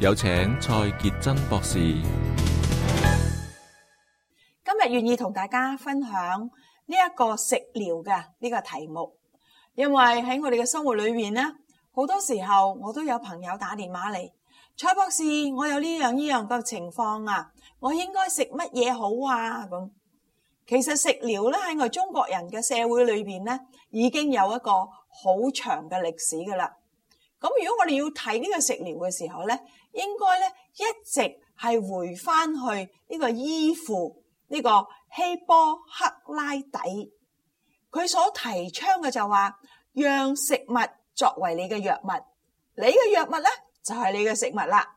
有請蔡杰真博士。今日願意同大家分享呢一個食療嘅呢個題目，因為喺我哋嘅生活裏面咧，好多時候我都有朋友打電話嚟，蔡博士，我有呢樣呢樣嘅情況啊，我應該食乜嘢好啊？咁其實食療咧喺我中國人嘅社會裏邊咧，已經有一個好長嘅歷史噶啦。咁如果我哋要睇呢個食療嘅時候咧，應該呢，一直係回返去，呢個醫父，呢個，希波克拉底。佢所提倡嘅就話，讓食物作為你嘅藥物。你嘅藥物呢，就係你嘅食物啦。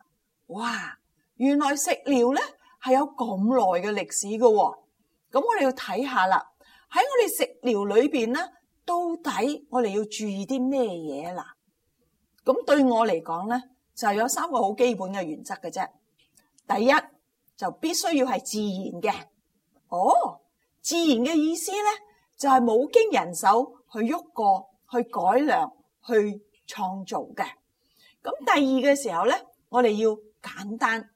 哇，原來食療呢，係有咁耐嘅歷史㗎喎。咁我哋要睇下啦，喺我哋食療裏面呢，到底我哋要注意啲咩嘢啦。咁對我嚟講呢，就有三個好基本嘅原則嘅啫。第一就必須要係自然嘅，哦，自然嘅意思咧就係冇經人手去喐過，去改良，去創造嘅。咁第二嘅時候咧，我哋要簡單。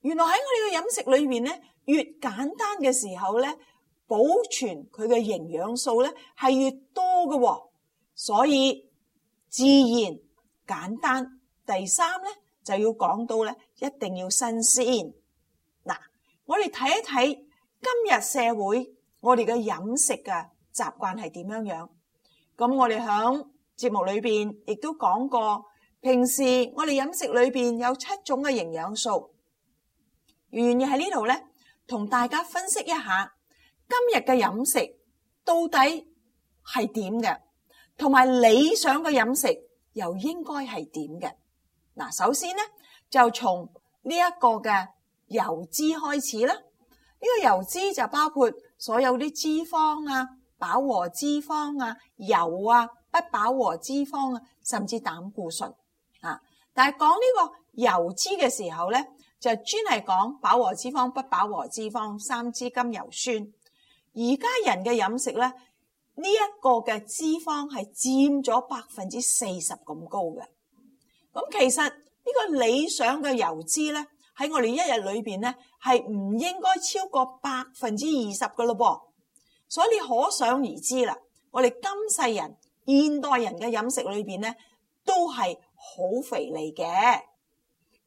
原來喺我哋嘅飲食裏邊咧，越簡單嘅時候咧，保存佢嘅營養素咧係越多嘅，所以自然簡單。第三咧就要講到咧，一定要新鮮嗱。我哋睇一睇今日社會我哋嘅飲食嘅習慣係點樣樣。咁我哋響節目裏邊亦都講過，平時我哋飲食裏邊有七種嘅營養素。願意喺呢度咧，同大家分析一下今日嘅飲食到底係點嘅，同埋理想嘅飲食又應該係點嘅。嗱，首先咧就從呢一個嘅油脂開始啦。呢個油脂就包括所有啲脂肪啊、飽和脂肪啊、油啊、不飽和脂肪啊，甚至膽固醇啊。但係講呢個油脂嘅時候咧，就專係講飽和脂肪、不飽和脂肪、三脂甘油酸。而家人嘅飲食咧，呢一個嘅脂肪係佔咗百分之四十咁高嘅。咁其實呢個理想嘅油脂咧，喺我哋一日裏邊咧，係唔應該超過百分之二十嘅咯噃。所以可想而知啦，我哋今世人、現代人嘅飲食裏邊咧，都係好肥膩嘅。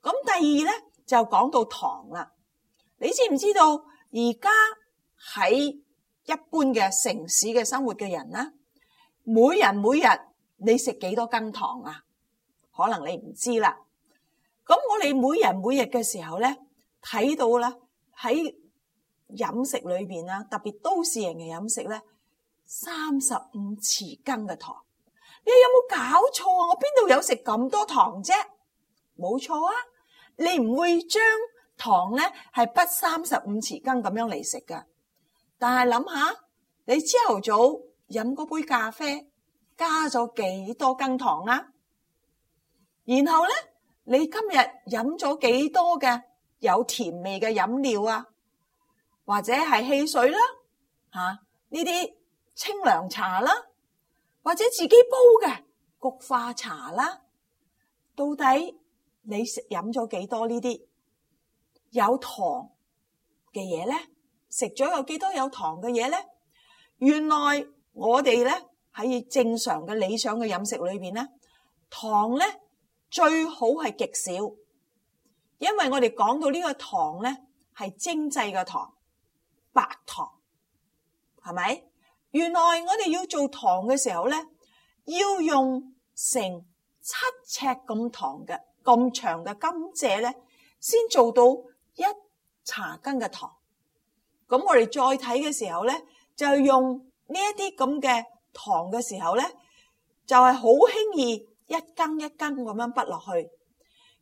咁第二咧就講到糖啦。你知唔知道而家喺一般嘅城市嘅生活嘅人咧，每人每日你食幾多斤糖啊？可能你唔知啦，咁我哋每日每日嘅時候咧睇到啦，喺飲食裏邊啊，特別都市人嘅飲食咧，三十五匙羹嘅糖，你有冇搞錯啊？我邊度有食咁多糖啫？冇錯啊！你唔會將糖咧係不三十五匙羹咁樣嚟食噶。但係諗下，你朝頭早飲嗰杯咖啡加咗幾多羹糖啊？然後咧，你今日飲咗幾多嘅有甜味嘅飲料啊？或者係汽水啦，吓呢啲清涼茶啦，或者自己煲嘅菊花茶啦。到底你食飲咗幾多呢啲有糖嘅嘢咧？食咗有幾多有糖嘅嘢咧？原來我哋咧喺正常嘅理想嘅飲食裏邊咧，糖咧。最好係極少，因為我哋講到呢個糖咧，係精製嘅糖，白糖係咪？原來我哋要做糖嘅時候咧，要用成七尺咁糖嘅咁長嘅甘蔗咧，先做到一茶羹嘅糖。咁我哋再睇嘅時候咧，就用呢一啲咁嘅糖嘅時候咧，就係、是、好輕易。一羹一羹咁樣滗落去，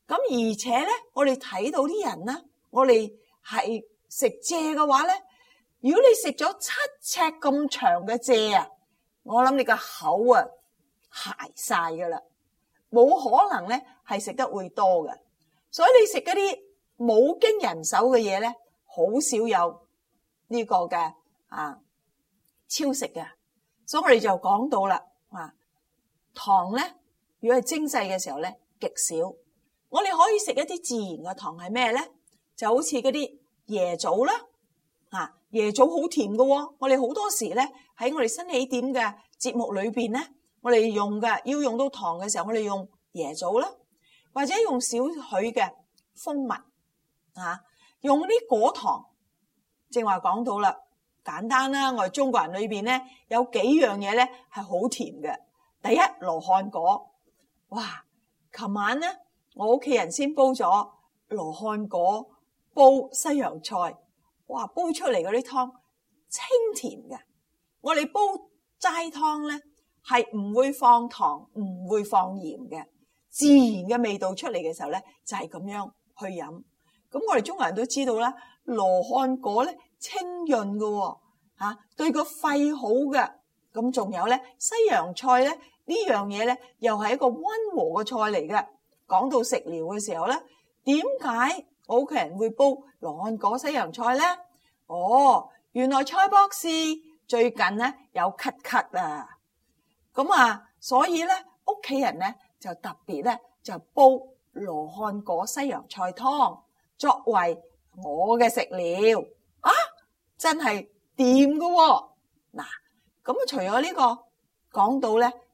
咁而且咧，我哋睇到啲人咧，我哋係食蔗嘅話咧，如果你食咗七尺咁長嘅蔗啊，我諗你個口啊鞋晒噶啦，冇可能咧係食得會多嘅，所以你食嗰啲冇經人手嘅嘢咧，好少有呢個嘅啊超食嘅，所以我哋就講到啦啊糖咧。如果係精製嘅時候咧，極少。我哋可以食一啲自然嘅糖係咩咧？就好似嗰啲椰棗啦，嚇、啊、椰棗好甜嘅喎、哦。我哋好多時咧喺我哋新起點嘅節目裏邊咧，我哋用嘅要用到糖嘅時候，我哋用椰棗啦，或者用少許嘅蜂蜜啊，用啲果糖。正話講到啦，簡單啦，我哋中國人裏邊咧有幾樣嘢咧係好甜嘅。第一，羅漢果。哇！琴晚咧，我屋企人先煲咗羅漢果煲西洋菜，哇！煲出嚟嗰啲湯清甜嘅。我哋煲齋湯咧，係唔會放糖，唔會放鹽嘅，自然嘅味道出嚟嘅時候咧，就係、是、咁樣去飲。咁我哋中國人都知道啦，羅漢果咧清潤噶、哦，吓、啊、對個肺好嘅。咁仲有咧西洋菜咧。呢樣嘢咧，又係一個溫和嘅菜嚟嘅。講到食療嘅時候咧，點解我屋企人會煲羅漢果西洋菜咧？哦，原來蔡博士最近咧有咳咳啊，咁啊，所以咧屋企人咧就特別咧就煲羅漢果西洋菜湯作為我嘅食療啊，真係掂㗎喎！嗱，咁啊，除咗呢個講到咧。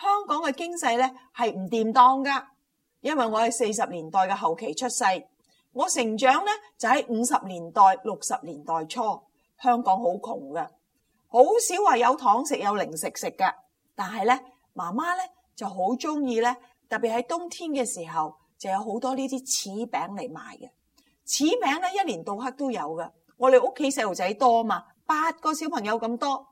香港嘅經濟咧係唔掂當噶，因為我係四十年代嘅後期出世，我成長咧就喺五十年代六十年代初，香港好窮嘅，好少話有糖食有零食食嘅。但係咧，媽媽咧就好中意咧，特別喺冬天嘅時候，就有好多餅餅呢啲柿餅嚟賣嘅。柿餅咧一年到黑都有嘅。我哋屋企細路仔多嘛，八個小朋友咁多，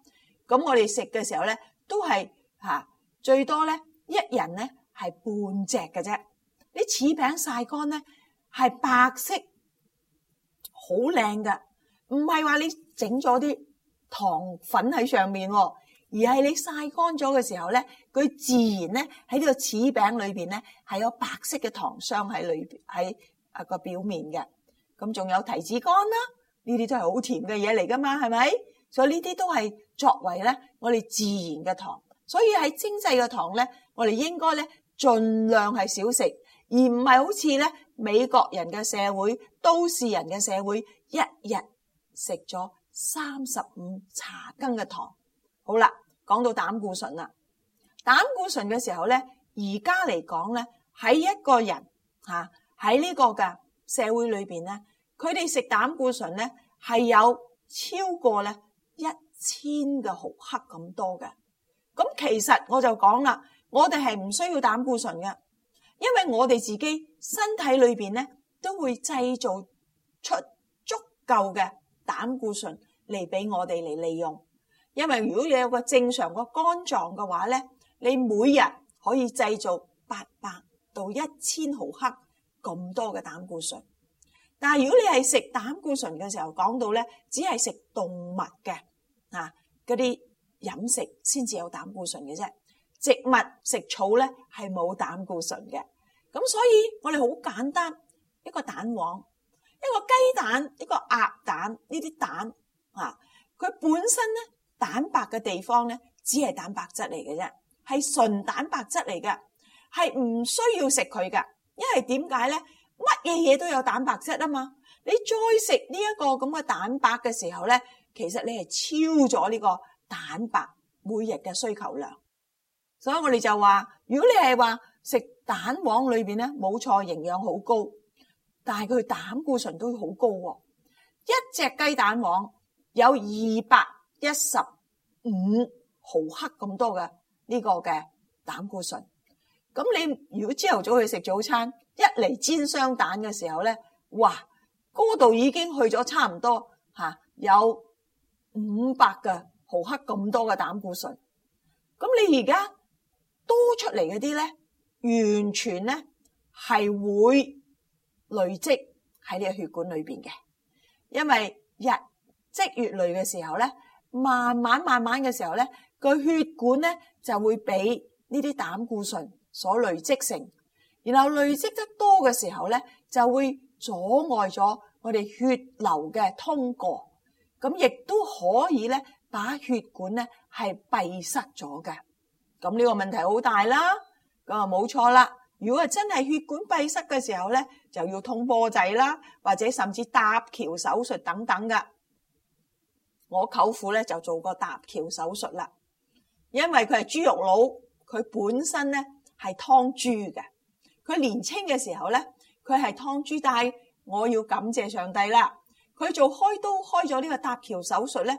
咁我哋食嘅時候咧都係嚇。啊最多咧，一人咧係半隻嘅啫。你柿餅曬乾咧係白色，好靚噶，唔係話你整咗啲糖粉喺上面，而係你曬乾咗嘅時候咧，佢自然咧喺呢個柿餅裏邊咧係有白色嘅糖霜喺裏邊喺啊個表面嘅。咁仲有提子乾啦，呢啲都係好甜嘅嘢嚟噶嘛，係咪？所以呢啲都係作為咧我哋自然嘅糖。所以喺精製嘅糖咧，我哋應該咧盡量係少食，而唔係好似咧美國人嘅社會、都市人嘅社會，一日食咗三十五茶羹嘅糖。好啦，講到膽固醇啦，膽固醇嘅時候咧，而家嚟講咧喺一個人吓喺呢個嘅社會裏邊咧，佢哋食膽固醇咧係有超過咧一千個毫克咁多嘅。咁其實我就講啦，我哋係唔需要膽固醇嘅，因為我哋自己身體裏邊咧都會製造出足夠嘅膽固醇嚟俾我哋嚟利用。因為如果你有個正常個肝臟嘅話咧，你每日可以製造八百到一千毫克咁多嘅膽固醇。但係如果你係食膽固醇嘅時候講到咧，只係食動物嘅啊嗰啲。飲食先至有膽固醇嘅啫，植物食草咧係冇膽固醇嘅。咁所以我哋好簡單一個蛋黃，一個雞蛋，一個鴨蛋呢啲蛋啊，佢本身咧蛋白嘅地方咧只係蛋白質嚟嘅啫，係純蛋白質嚟嘅，係唔需要食佢嘅。因為點解咧？乜嘢嘢都有蛋白質啊嘛。你再食呢一個咁嘅蛋白嘅時候咧，其實你係超咗呢個蛋白每日嘅需求量，所以我哋就話，如果你係話食蛋黃裏邊咧，冇錯，營養好高，但係佢膽固醇都好高。一隻雞蛋黃有二百一十五毫克咁多嘅呢個嘅膽固醇。咁你如果朝頭早去食早餐，一嚟煎雙蛋嘅時候咧，哇，嗰度已經去咗差唔多吓，有五百㗎。冇黑咁多嘅膽固醇，咁你而家多出嚟嗰啲咧，完全咧係會累積喺你個血管裏邊嘅。因為日積月累嘅時候咧，慢慢慢慢嘅時候咧，個血管咧就會俾呢啲膽固醇所累積成，然後累積得多嘅時候咧，就會阻礙咗我哋血流嘅通過，咁亦都可以咧。把血管咧係閉塞咗嘅，咁呢個問題好大啦。咁啊冇錯啦，如果係真係血管閉塞嘅時候咧，就要通波仔啦，或者甚至搭橋手術等等嘅。我舅父咧就做過搭橋手術啦，因為佢係豬肉佬，佢本身咧係劏豬嘅。佢年輕嘅時候咧，佢係劏豬，但係我要感謝上帝啦，佢做開刀開咗呢個搭橋手術咧。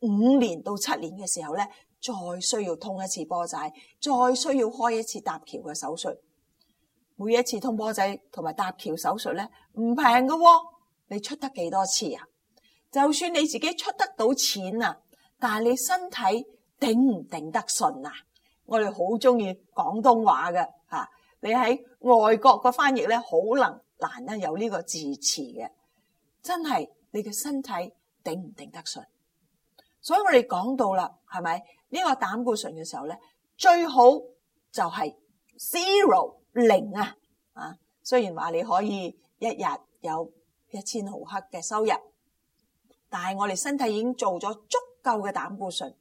五年到七年嘅時候咧，再需要通一次波仔，再需要開一次搭橋嘅手術。每一次通波仔同埋搭橋手術咧，唔平㗎，你出得幾多次啊？就算你自己出得到錢啊，但係你身體頂唔頂得順啊？我哋好中意廣東話嘅吓、啊，你喺外國個翻譯咧，好難得有呢個字詞嘅，真係你嘅身體頂唔頂得順？所以我哋講到啦，係咪呢個膽固醇嘅時候咧，最好就係 zero 零啊啊。雖然話你可以一日有一千毫克嘅收入，但係我哋身體已經做咗足夠嘅膽固醇，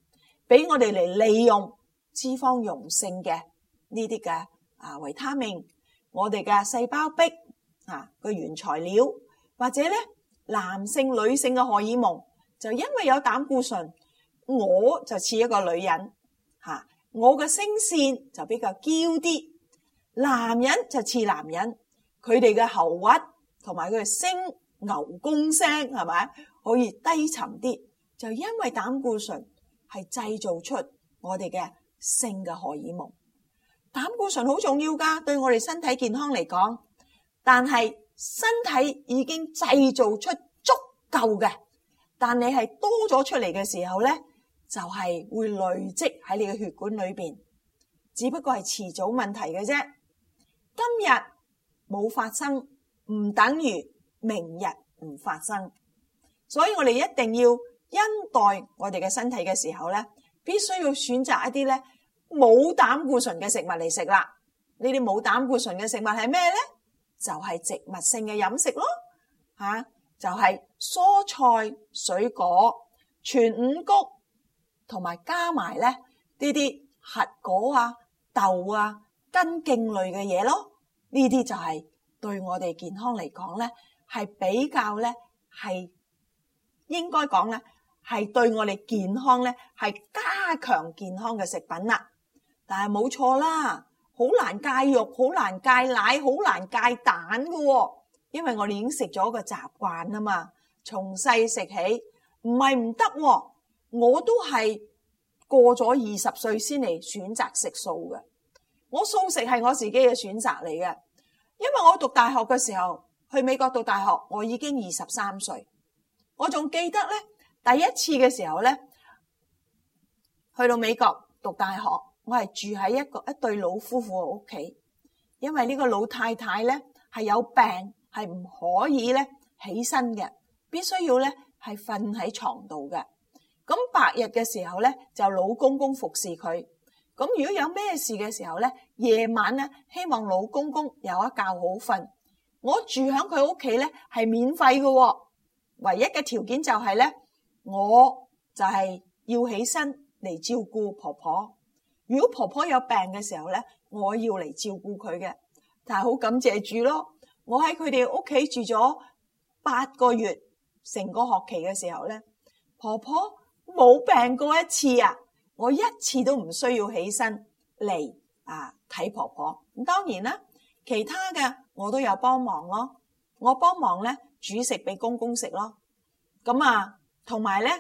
俾我哋嚟利用脂肪溶性嘅呢啲嘅啊維他命，我哋嘅細胞壁啊個原材料，或者咧男性女性嘅荷爾蒙。就因為有膽固醇，我就似一個女人吓，我嘅聲線就比較嬌啲。男人就似男人，佢哋嘅喉核同埋佢嘅聲牛公聲係咪可以低沉啲？就因為膽固醇係製造出我哋嘅性嘅荷爾蒙，膽固醇好重要噶，對我哋身體健康嚟講。但係身體已經製造出足夠嘅。但你係多咗出嚟嘅時候咧，就係會累積喺你嘅血管裏邊，只不過係遲早問題嘅啫。今日冇發生，唔等於明日唔發生，所以我哋一定要恩待我哋嘅身體嘅時候咧，必須要選擇一啲咧冇膽固醇嘅食物嚟食啦。呢啲冇膽固醇嘅食物係咩咧？就係植物性嘅飲食咯，吓。就係蔬菜、水果、全五穀，同埋加埋咧呢啲核果啊、豆啊、根莖類嘅嘢咯。呢啲就係對我哋健康嚟講咧，係比較咧係應該講咧係對我哋健康咧係加強健康嘅食品啦。但係冇錯啦，好難戒肉，好難戒奶，好難戒蛋㗎喎。因為我哋已經食咗個習慣啊嘛，從細食起唔係唔得，我都係過咗二十歲先嚟選擇食素嘅。我素食係我自己嘅選擇嚟嘅，因為我讀大學嘅時候去美國讀大學，我已經二十三歲。我仲記得咧，第一次嘅時候咧，去到美國讀大學，我係住喺一個一對老夫婦嘅屋企，因為呢個老太太咧係有病。係唔可以咧起身嘅，必須要咧係瞓喺床度嘅。咁白日嘅時候咧，就老公公服侍佢。咁如果有咩事嘅時候咧，夜晚咧，希望老公公有一覺好瞓。我住喺佢屋企咧係免費嘅，唯一嘅條件就係咧，我就係要起身嚟照顧婆婆。如果婆婆有病嘅時候咧，我要嚟照顧佢嘅，但係好感謝住咯。我喺佢哋屋企住咗八個月，成個學期嘅時候咧，婆婆冇病過一次啊。我一次都唔需要起身嚟啊睇婆婆。咁、嗯、當然啦，其他嘅我都有幫忙咯。我幫忙咧煮食俾公公食咯，咁、嗯、啊，同埋咧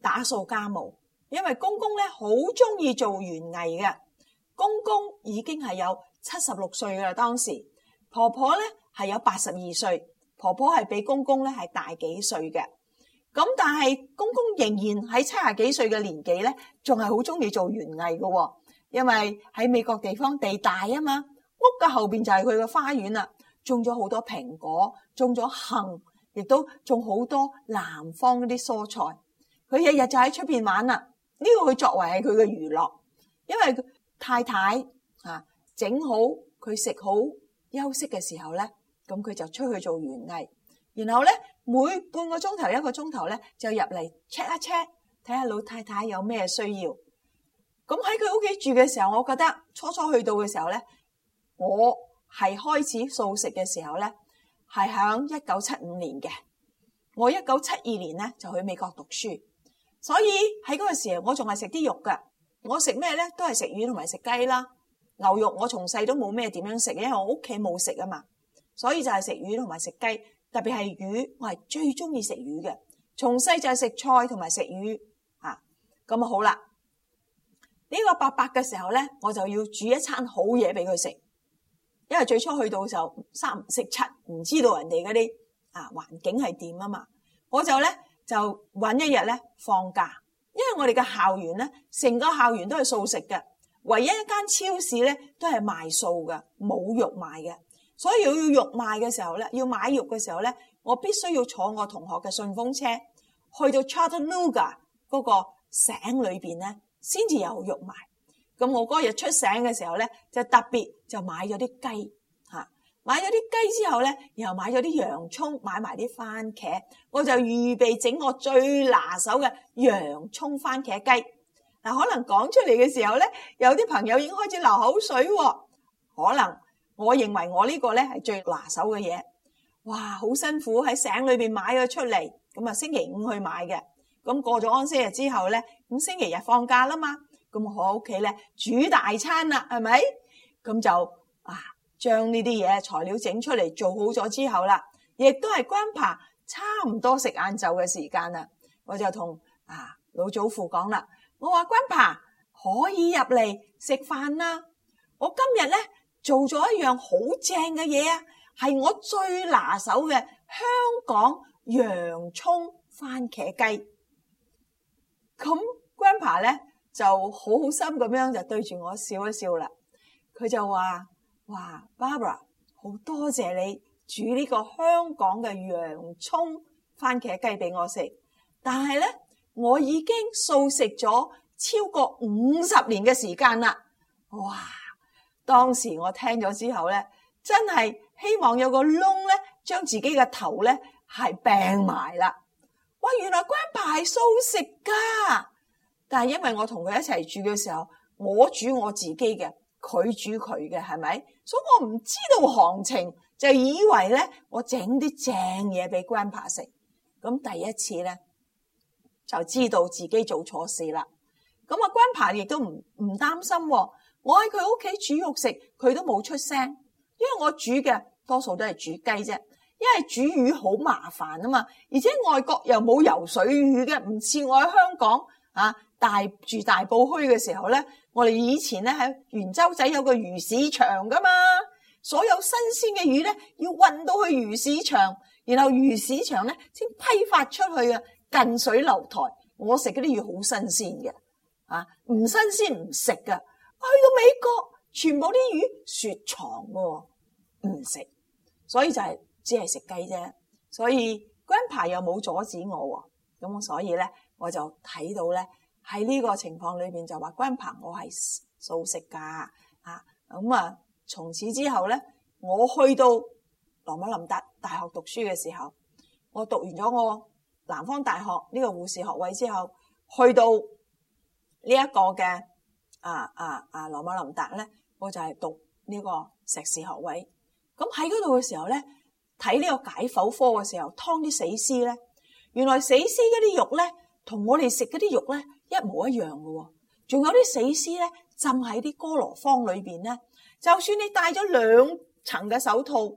打掃家務。因為公公咧好中意做園藝嘅，公公已經係有七十六歲㗎喇，當時。婆婆咧係有八十二歲，婆婆係比公公咧係大幾歲嘅。咁但係公公仍然喺七十幾歲嘅年紀咧，仲係好中意做園藝嘅、哦。因為喺美國地方地大啊嘛，屋嘅後邊就係佢嘅花園啦，種咗好多蘋果，種咗杏，亦都種好多南方嗰啲蔬菜。佢日日就喺出邊玩啦，呢、這個佢作為係佢嘅娛樂。因為太太啊整好佢食好。休息嘅時候咧，咁佢就出去做園藝，然後咧每半個鐘頭一個鐘頭咧就入嚟 check 一 check，睇下老太太有咩需要。咁喺佢屋企住嘅時候，我覺得初初去到嘅時候咧，我係開始素食嘅時候咧，係響一九七五年嘅。我一九七二年咧就去美國讀書，所以喺嗰個時候我仲係食啲肉㗎。我食咩咧都係食魚同埋食雞啦。牛肉我從細都冇咩點樣食，因為我屋企冇食啊嘛，所以就係食魚同埋食雞，特別係魚，我係最中意食魚嘅。從細就係食菜同埋食魚啊，咁啊好啦。呢、這個八八嘅時候咧，我就要煮一餐好嘢俾佢食，因為最初去到就三唔識七，唔知道人哋嗰啲啊環境係點啊嘛，我就咧就揾一日咧放假，因為我哋嘅校園咧成個校園都係素食嘅。唯一一間超市咧都係賣素嘅，冇肉賣嘅。所以我要肉賣嘅時候咧，要買肉嘅時候咧，我必須要坐我同學嘅順風車去到 Chattanooga 嗰個省裏邊咧，先至有肉賣。咁我嗰日出省嘅時候咧，就特別就買咗啲雞嚇，買咗啲雞之後咧，然後買咗啲洋葱，買埋啲蕃茄，我就預備整我最拿手嘅洋葱蕃茄雞。嗱，可能講出嚟嘅時候咧，有啲朋友已經開始流口水喎。可能我認為我呢個咧係最拿手嘅嘢。哇，好辛苦喺省裏邊買咗出嚟，咁啊星期五去買嘅。咁過咗安息日之後咧，咁星期日放假啦嘛，咁我喺屋企咧煮大餐啦，係咪？咁就啊，將呢啲嘢材料整出嚟做好咗之後啦，亦都係關棚差唔多食晏晝嘅時間啦，我就同啊老祖父講啦。我話 Grandpa 可以入嚟食飯啦！我今日咧做咗一樣好正嘅嘢啊，係我最拿手嘅香港洋蔥番茄雞。咁 Grandpa 咧就好好心咁樣就對住我笑一笑啦，佢就話：哇，Barbara，好多謝你煮呢個香港嘅洋蔥番茄雞俾我食，但係咧。我已經素食咗超過五十年嘅時間啦，哇！當時我聽咗之後咧，真係希望有個窿咧，將自己嘅頭咧係掟埋啦。哇！原來 Grandpa 係素食噶，但係因為我同佢一齊住嘅時候，我煮我自己嘅，佢煮佢嘅，係咪？所以我唔知道行情，就以為咧我整啲正嘢俾 Grandpa 食。咁第一次咧。就知道自己做錯事啦。咁啊，關牌亦都唔唔擔心喎。我喺佢屋企煮肉食，佢都冇出聲，因為我煮嘅多數都係煮雞啫，因為煮魚好麻煩啊嘛。而且外國又冇游水魚嘅，唔似我喺香港啊大住大埔墟嘅時候咧，我哋以前咧喺元洲仔有個魚市場噶嘛，所有新鮮嘅魚咧要運到去魚市場，然後魚市場咧先批發出去嘅。近水樓臺，我食嗰啲魚好新鮮嘅，啊唔新鮮唔食噶。去到美國，全部啲魚雪藏噶，唔食。所以就係、是、只係食雞啫。所以 grandpa 又冇阻止我，咁、啊、我所以咧，我就睇到咧喺呢個情況裏邊就話 grandpa 我係素食噶，啊咁啊，從、啊、此之後咧，我去到羅馬林達大學讀書嘅時候，我讀完咗我。南方大學呢個護士學位之後，去到呢一個嘅啊啊啊羅馬林達咧，我就係讀呢個碩士學位。咁喺嗰度嘅時候咧，睇呢個解剖科嘅時候，劏啲死屍咧，原來死屍嗰啲肉咧，同我哋食嗰啲肉咧一模一樣嘅喎。仲有啲死屍咧浸喺啲哥羅芳裏邊咧，就算你戴咗兩層嘅手套。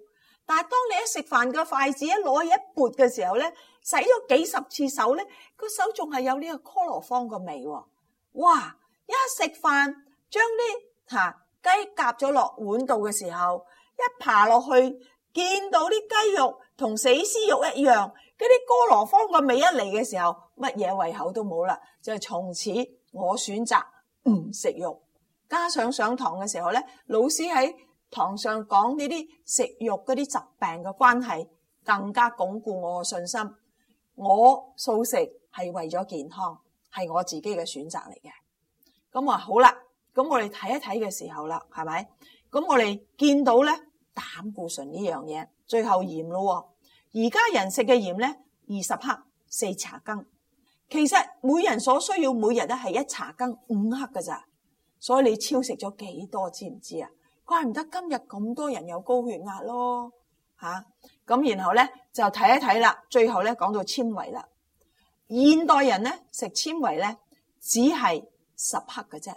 但係當你一食飯個筷子一攞嘢一撥嘅時候咧，洗咗幾十次手咧，個手仲係有呢個哥羅芳個味喎、啊。哇！一食飯將啲嚇雞夾咗落碗度嘅時候，一爬落去見到啲雞肉同死屍肉一樣，嗰啲哥羅芳個味一嚟嘅時候，乜嘢胃口都冇啦。就係從此我選擇唔食肉，加上上堂嘅時候咧，老師喺堂上講呢啲食肉嗰啲疾病嘅關係，更加鞏固我嘅信心。我素食係為咗健康，係我自己嘅選擇嚟嘅。咁啊好啦，咁我哋睇一睇嘅時候啦，係咪？咁我哋見到咧，膽固醇呢樣嘢最後鹽咯。而家人食嘅鹽咧，二十克四茶羹。其實每人所需要每日咧係一茶羹五克噶咋，所以你超食咗幾多？知唔知啊？怪唔得今日咁多人有高血壓咯嚇，咁、啊、然後咧就睇一睇啦，最後咧講到纖維啦。現代人咧食纖維咧只係十克嘅啫，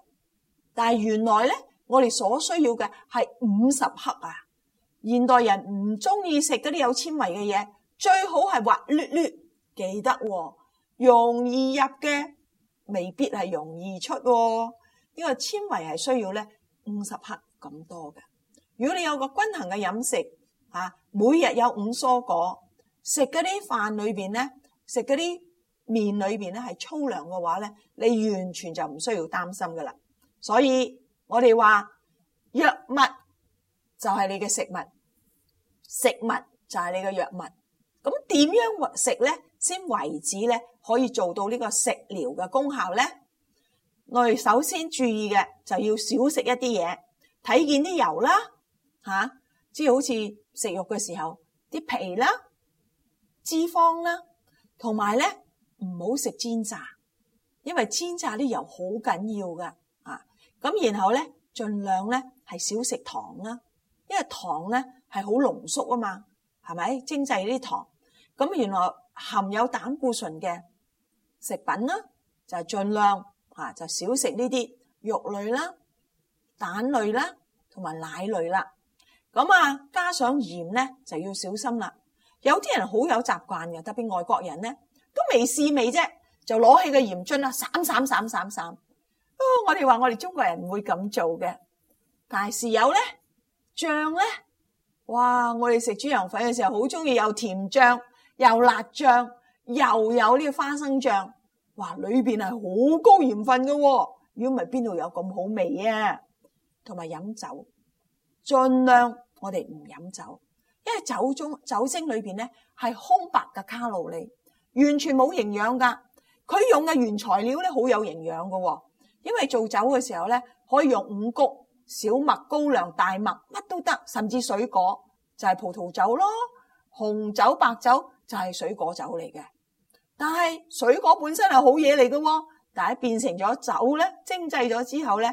但係原來咧我哋所需要嘅係五十克啊！現代人唔中意食嗰啲有纖維嘅嘢，最好係滑捋捋記得喎、哦，容易入嘅未必係容易出喎、哦。因為纖維係需要咧五十克。咁多嘅。如果你有個均衡嘅飲食，嚇每日有五蔬果，食嗰啲飯裏邊咧，食嗰啲麵裏邊咧係粗糧嘅話咧，你完全就唔需要擔心㗎喇。所以我哋話藥物就係你嘅食物，食物就係你嘅藥物。咁點樣食咧先為止咧，可以做到呢個食療嘅功效咧？我哋首先注意嘅就要少食一啲嘢。睇見啲油啦，吓，即係好似食肉嘅時候啲皮啦、脂肪啦，同埋咧唔好食煎炸，因為煎炸啲油好緊要噶啊。咁然後咧，盡量咧係少食糖啦，因為糖咧係好濃縮啊嘛，係咪？精製啲糖，咁原來含有膽固醇嘅食品啦，就盡量啊就少食呢啲肉類啦。蛋類啦，同埋奶類啦，咁啊加上鹽咧就要小心啦。有啲人好有習慣嘅，特別外國人咧都未試味啫，就攞起個鹽樽啦，散散散散散散。哦，我哋話我哋中國人唔會咁做嘅，但係豉油咧、醬咧，哇！我哋食豬油粉嘅時候，好中意有甜醬、又辣醬，又有呢個花生醬，哇！裏邊係好高鹽分嘅，如果唔係邊度有咁好味啊？同埋飲酒，儘量我哋唔飲酒，因為酒中酒精裏邊咧係空白嘅卡路里，完全冇營養㗎。佢用嘅原材料咧好有營養嘅，因為做酒嘅時候咧可以用五穀、小麥、高粱、大麥乜都得，甚至水果就係葡萄酒咯，紅酒、白酒就係水果酒嚟嘅。但係水果本身係好嘢嚟嘅，但係變成咗酒咧，精製咗之後咧。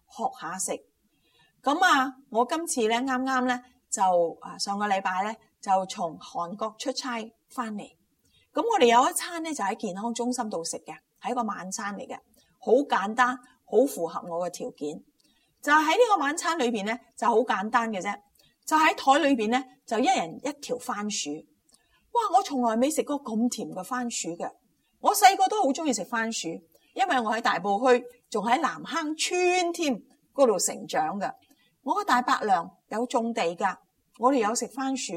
學下食，咁啊！我今次咧啱啱咧就啊上個禮拜咧就從韓國出差返嚟，咁我哋有一餐咧就喺健康中心度食嘅，係一個晚餐嚟嘅，好簡單，好符合我嘅條件。就喺呢個晚餐裏邊咧，就好簡單嘅啫，就喺枱裏邊咧就一人一條番薯，哇！我從來未食過咁甜嘅番薯嘅，我細個都好鍾意食番薯，因為我喺大埔區。仲喺南坑村添嗰度成長嘅。我個大伯娘有種地噶，我哋有食番薯，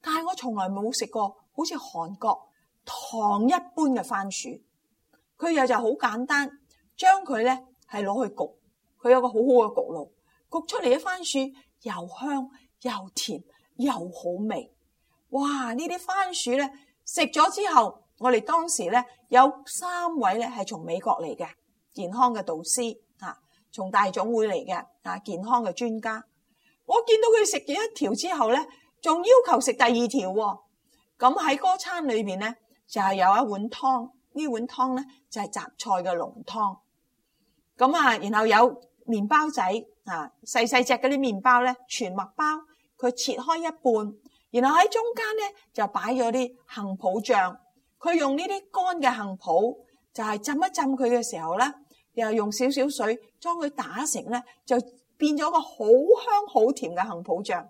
但係我從來冇食過好似韓國糖一般嘅番薯。佢又就好簡單，將佢咧係攞去焗，佢有個好好嘅焗爐，焗出嚟嘅番薯又香又甜又好味。哇！蕃呢啲番薯咧食咗之後，我哋當時咧有三位咧係從美國嚟嘅。健康嘅導師，嚇，從大總會嚟嘅，嚇，健康嘅專家。我見到佢食咗一條之後咧，仲要求食第二條喎。咁喺嗰餐裏邊咧，就係有一碗湯，呢碗湯咧就係雜菜嘅濃湯。咁啊，然後有麵包仔，嚇，細細隻嗰啲麵包咧，全麥包，佢切開一半，然後喺中間咧就擺咗啲杏脯醬。佢用呢啲乾嘅杏脯，就係浸一浸佢嘅時候咧。又用少少水將佢打成咧，就變咗個好香好甜嘅杏脯醬。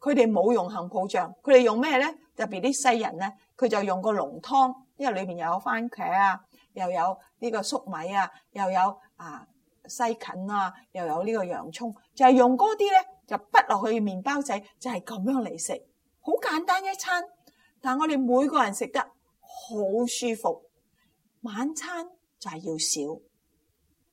佢哋冇用杏脯醬，佢哋用咩咧？特別啲西人咧，佢就用個濃湯，因為裏邊又有番茄啊，又有呢個粟米啊，又有啊西芹啊，又有呢個洋蔥，就係、是、用嗰啲咧就潷落去麵包仔，就係、是、咁樣嚟食好簡單一餐。但係我哋每個人食得好舒服。晚餐就係要少。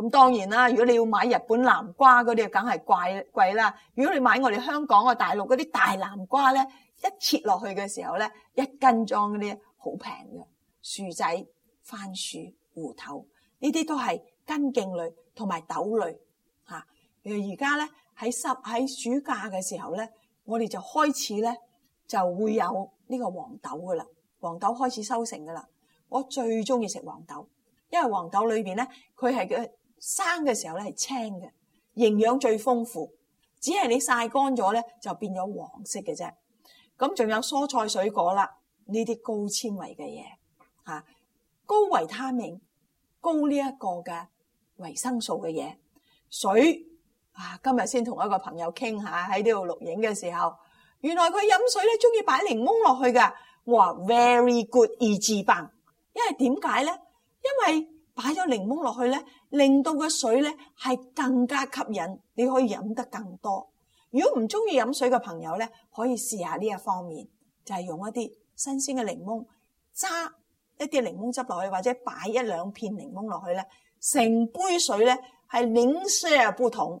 咁當然啦，如果你要買日本南瓜嗰啲，梗係貴貴啦。如果你買我哋香港啊大陸嗰啲大南瓜咧，一切落去嘅時候咧，一斤裝嗰啲好平嘅薯仔、番薯、芋頭呢啲都係根莖類同埋豆類嚇。而家咧喺十喺暑假嘅時候咧，我哋就開始咧就會有呢個黃豆噶啦，黃豆開始收成噶啦。我最中意食黃豆，因為黃豆裏邊咧佢係嘅。生嘅時候咧係青嘅，營養最豐富，只係你曬乾咗咧就變咗黃色嘅啫。咁仲有蔬菜水果啦，呢啲高纖維嘅嘢，吓、啊、高維他命，高呢一個嘅維生素嘅嘢，水啊，今日先同一個朋友傾下喺呢度錄影嘅時候，原來佢飲水咧中意擺檸檬落去㗎，我話「very good 易治棒！」因為點解咧？因為擺咗檸檬落去咧，令到個水咧係更加吸引，你可以飲得更多。如果唔中意飲水嘅朋友咧，可以試下呢一方面，就係、是、用一啲新鮮嘅檸檬，揸一啲檸檬汁落去，或者擺一兩片檸檬落去咧，成杯水咧係另些呀，不同。